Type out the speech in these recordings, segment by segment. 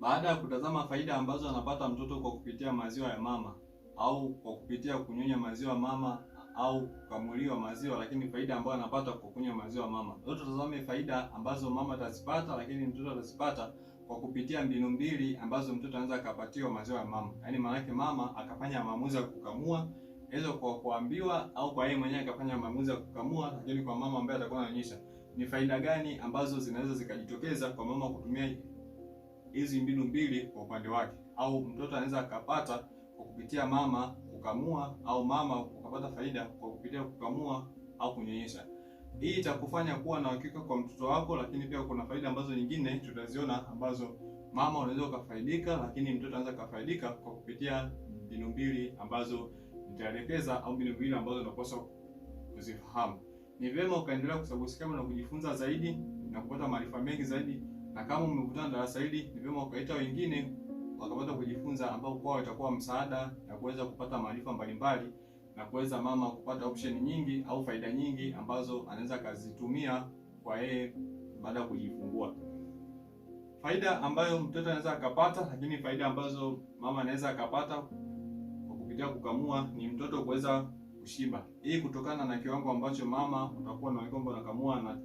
Baada ya kutazama faida ambazo anapata mtoto kwa kupitia maziwa ya mama au kwa kupitia kunyonya maziwa mama au kukamuliwa maziwa, lakini faida ambayo anapata kwa kunywa maziwa mama, leo tutazame faida ambazo mama atazipata, lakini mtoto atazipata kwa kupitia mbinu mbili ambazo mtoto anaweza akapatiwa maziwa ya mama. Yaani maanake mama akafanya maamuzi ya kukamua hizo kwa kuambiwa au kwa yeye mwenyewe akafanya maamuzi ya kukamua, lakini kwa mama ambaye atakuwa ananyonyesha, ni faida gani ambazo zinaweza zikajitokeza kwa mama kutumia hizi mbinu mbili kwa upande wake, au mtoto anaweza akapata kwa kupitia mama kukamua, au mama ukapata faida kwa kupitia kukamua au kunyonyesha. Hii itakufanya kuwa na uhakika kwa mtoto wako, lakini pia kuna faida ambazo nyingine tutaziona ambazo mama unaweza ukafaidika, lakini mtoto anaweza kafaidika kwa kupitia mbinu mbili ambazo nitaelekeza, au mbinu mbili ambazo unapaswa kuzifahamu. Ni vyema ukaendelea kusubscribe na kujifunza zaidi na kupata maarifa mengi zaidi na kama umekutana darasa hili, ni vyema ukaita wengine wakapata kujifunza, ambao kwao itakuwa msaada na kuweza kupata maarifa mbalimbali na kuweza mama kupata option nyingi au faida nyingi ambazo anaweza akazitumia kwa yeye baada ya kujifungua. Faida ambayo mtoto anaweza akapata, lakini faida ambazo mama anaweza akapata kwa kupitia kukamua ni mtoto kuweza kushiba. Hii kutokana na kiwango ambacho mama utakuwa na kwamba unakamua na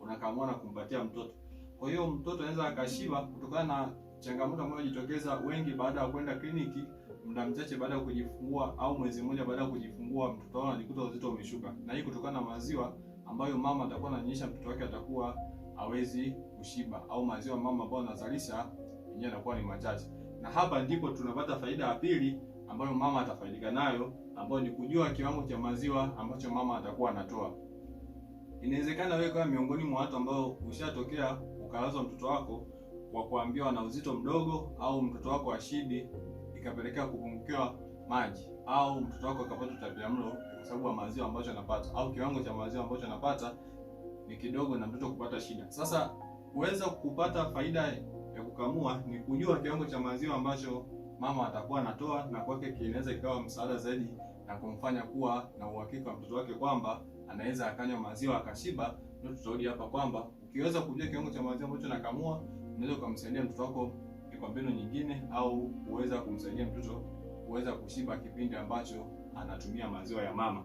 unakamua na kumpatia mtoto. Kwa hiyo mtoto anaweza akashiba kutokana na changamoto ambayo inajitokeza wengi baada ya kwenda kliniki muda mchache baada ya kujifungua au mwezi mmoja baada ya kujifungua, mtoto wao anajikuta uzito umeshuka, na hii kutokana na maziwa ambayo mama atakuwa ananyonyesha mtoto wake atakuwa hawezi kushiba, au maziwa mama ambayo anazalisha yenyewe anakuwa ni machache. Na hapa ndipo tunapata faida ya pili ambayo mama atafaidika nayo, ambayo ni kujua kiwango cha maziwa ambacho mama atakuwa anatoa. Inawezekana wewe kama miongoni mwa watu ambao ushatokea ukalazwa mtoto wako kwa kuambiwa ana uzito mdogo, au mtoto wako ashidi ikapelekea kupungukiwa maji, au mtoto wako akapata utapiamlo kwa sababu ya maziwa ambacho anapata, au kiwango cha maziwa ambacho anapata ni kidogo na mtoto kupata shida. Sasa kuweza kupata faida ya kukamua ni kujua kiwango cha maziwa ambacho mama atakuwa anatoa, na kwake kinaweza ikawa msaada zaidi na kumfanya kuwa na uhakika mtoto wake kwamba anaweza akanywa maziwa akashiba. Ndio tutarudi hapa kwamba ukiweza kujua kiwango cha maziwa ambacho nakamua, unaweza ukamsaidia mtoto wako kwa mbinu nyingine, au kuweza kumsaidia mtoto kuweza kushiba kipindi ambacho anatumia maziwa ya mama.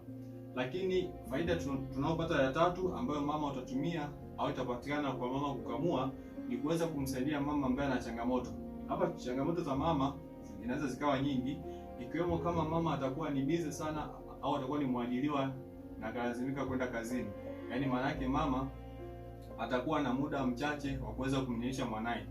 Lakini faida tunaopata ya tatu ambayo mama utatumia au itapatikana kwa mama kukamua ni kuweza kumsaidia mama ambaye ana changamoto. Hapa changamoto za mama zinaweza zikawa nyingi, ikiwemo kama mama atakuwa ni busy sana au atakuwa ni mwajiriwa na akalazimika kwenda kazini. Yaani maana yake mama atakuwa na muda mchache wa kuweza kumnyonyesha mwanaye.